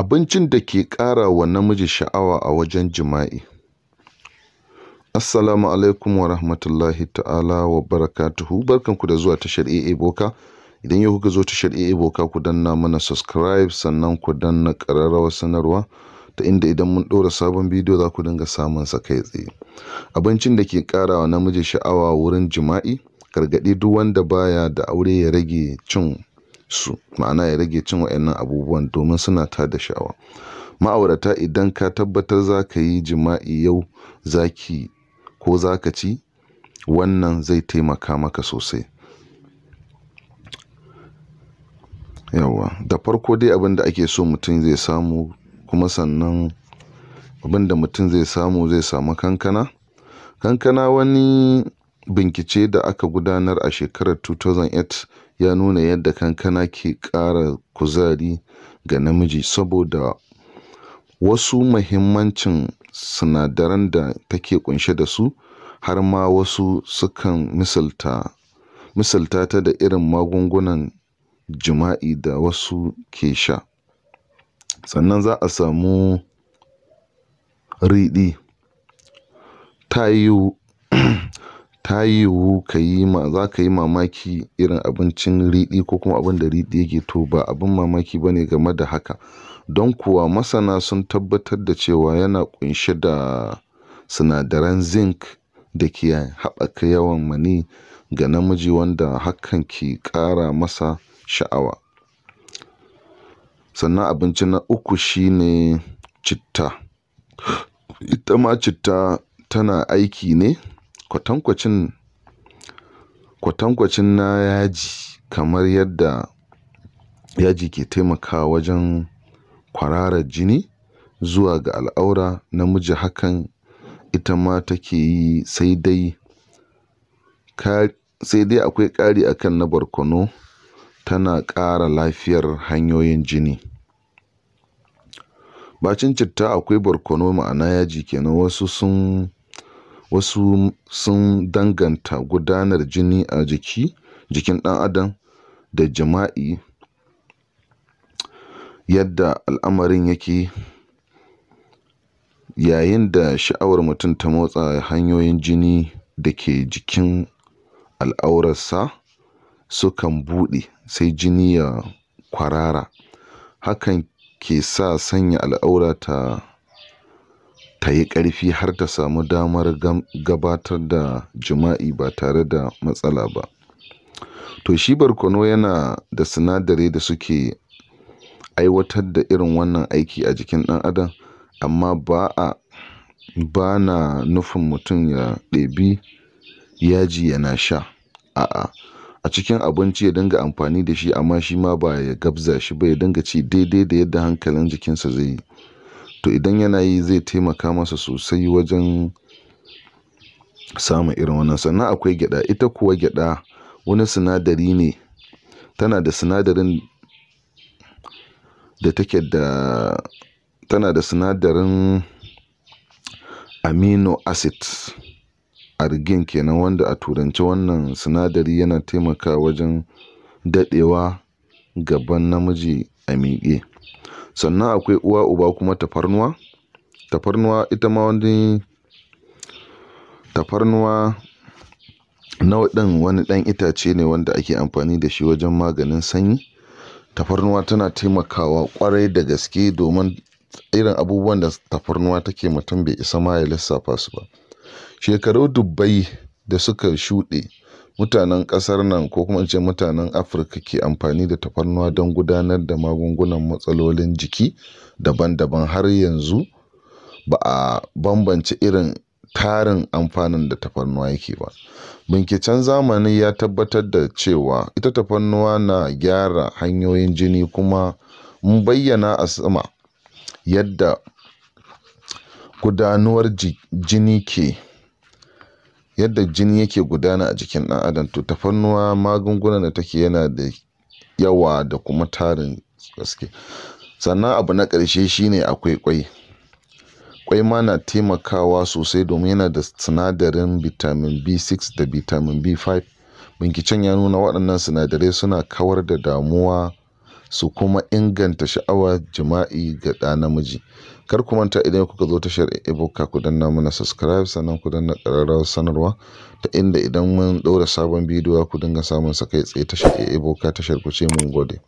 Abincin da ke ƙara wa namiji sha'awa a wajen jima'i. Assalamu alaikum wa rahmatullahi ta'ala wa barakatuhu. Barkanku da zuwa tashar AA Boka. Idan yau kuka zo tashar AA Boka ku danna mana subscribe sannan ku danna ƙararrawar sanarwa ta inda idan mun ɗora sabon bidiyo za ku dinga samun sa kai tsaye. Abincin da ke ƙara wa namiji sha'awa wurin jima'i gargaɗi duk wanda baya da aure ya rage cin su ma'ana ya rage cin wa'annan abubuwan domin suna ta da sha'awa ma'aurata idan ka tabbatar za ka yi jima'i yau za ki ko za ka ci wannan zai taimaka maka sosai yawa da farko dai abin da ake so mutum zai samu kuma sannan abin mutum zai samu zai samu kankana kankana wani bincike da aka gudanar a shekarar 2008 ya nuna yadda kankana ke ƙara kuzari ga namiji saboda wasu mahimmancin sinadaran da take ƙunshe da su, har ma wasu sukan misalta ta da irin magungunan jima'i da wasu ke sha. Sannan za a samu riɗi, ta yiwu ta yiwu ka yi ma za ka yi mamaki irin abincin riɗi ko kuma abin da riɗi yake to ba abin mamaki ba ne game da haka, don kuwa masana sun tabbatar da cewa yana ƙunshe da sinadaran zinc da ke haɓaka yawan mani ga namiji wanda hakan ke ƙara masa sha'awa. Sannan abinci na uku shi ne citta, ita ma citta tana aiki ne. kwatankwacin na yaji kamar yadda yaji ke taimakawa wajen kwararar jini zuwa ga al'aura, namiji hakan ita ma take yi sai dai akwai ƙari akan na barkono tana ƙara lafiyar hanyoyin jini bacin citta akwai barkono ma'ana yaji kenan wasu sun Wasu sun danganta gudanar jini a jiki jikin ɗan adam da jima'i, yadda al'amarin yake yayin da sha'awar mutum ta motsa, hanyoyin jini da ke jikin al'aurarsa sukan buɗe sai jini ya kwarara, hakan ke sa sanya al'aura ta ta yi ƙarfi har ta samu damar gabatar da jima'i ba tare da matsala ba. To shi barkono yana da sinadarai da suke aiwatar da irin wannan aiki a jikin ɗan adam amma ba a ba na nufin mutum ya ɗebi yaji yana sha a'a a cikin abinci ya dinga amfani da shi amma shi ma ba ya gabza shi ba ya dinga ci daidai da yadda hankalin jikinsa zai yi to idan yana yi zai taimaka masa sosai wajen samun irin wannan sannan akwai gyada ita kuwa gyada wani sinadari ne tana da sinadarin da take da tana da sinadarin amino acid argin kenan wanda a turance wannan sinadari yana taimaka wajen daɗewa gaban namiji a miƙe sannan akwai uwa uba kuma tafarnuwa tafarnuwa ita ma wani tafarnuwa nau'in wani ɗan itace ne wanda ake amfani da shi wajen maganin sanyi tafarnuwa tana taimakawa ƙwarai da gaske domin irin abubuwan da tafarnuwa take mutum bai isa ma ya lissafa su ba shekaru dubbai da suka shuɗe mutanen ƙasar nan ko kuma in ce mutanen afirka ke amfani da tafarnuwa don gudanar da magungunan matsalolin jiki daban-daban har yanzu ba a bambance irin tarin amfanin da tafarnuwa yake ba binciken zamani ya tabbatar da cewa ita tafarnuwa na gyara hanyoyin jini kuma mun bayyana a sama yadda gudanuwar jini ke yadda jini yake gudana a jikin ɗan adam to tafarnuwa magunguna da take yana da yawa da kuma tarin gaske sannan abu na ƙarshe shine akwai kwai kwai ma na taimakawa sosai domin yana da sinadarin vitamin b6 da vitamin b5 binkicen ya nuna waɗannan sinadarai suna kawar da damuwa su kuma inganta sha'awar jima'i ga ɗa namiji Kar ku manta idan kuka zo tashar Eboka ku danna mana subscribe sannan ku danna ƙararrawar sanarwa ta inda idan mun ɗora sabon bidiyo ku dinga samun sa kai tsaye tashar Eboka tashar ku ce mun gode.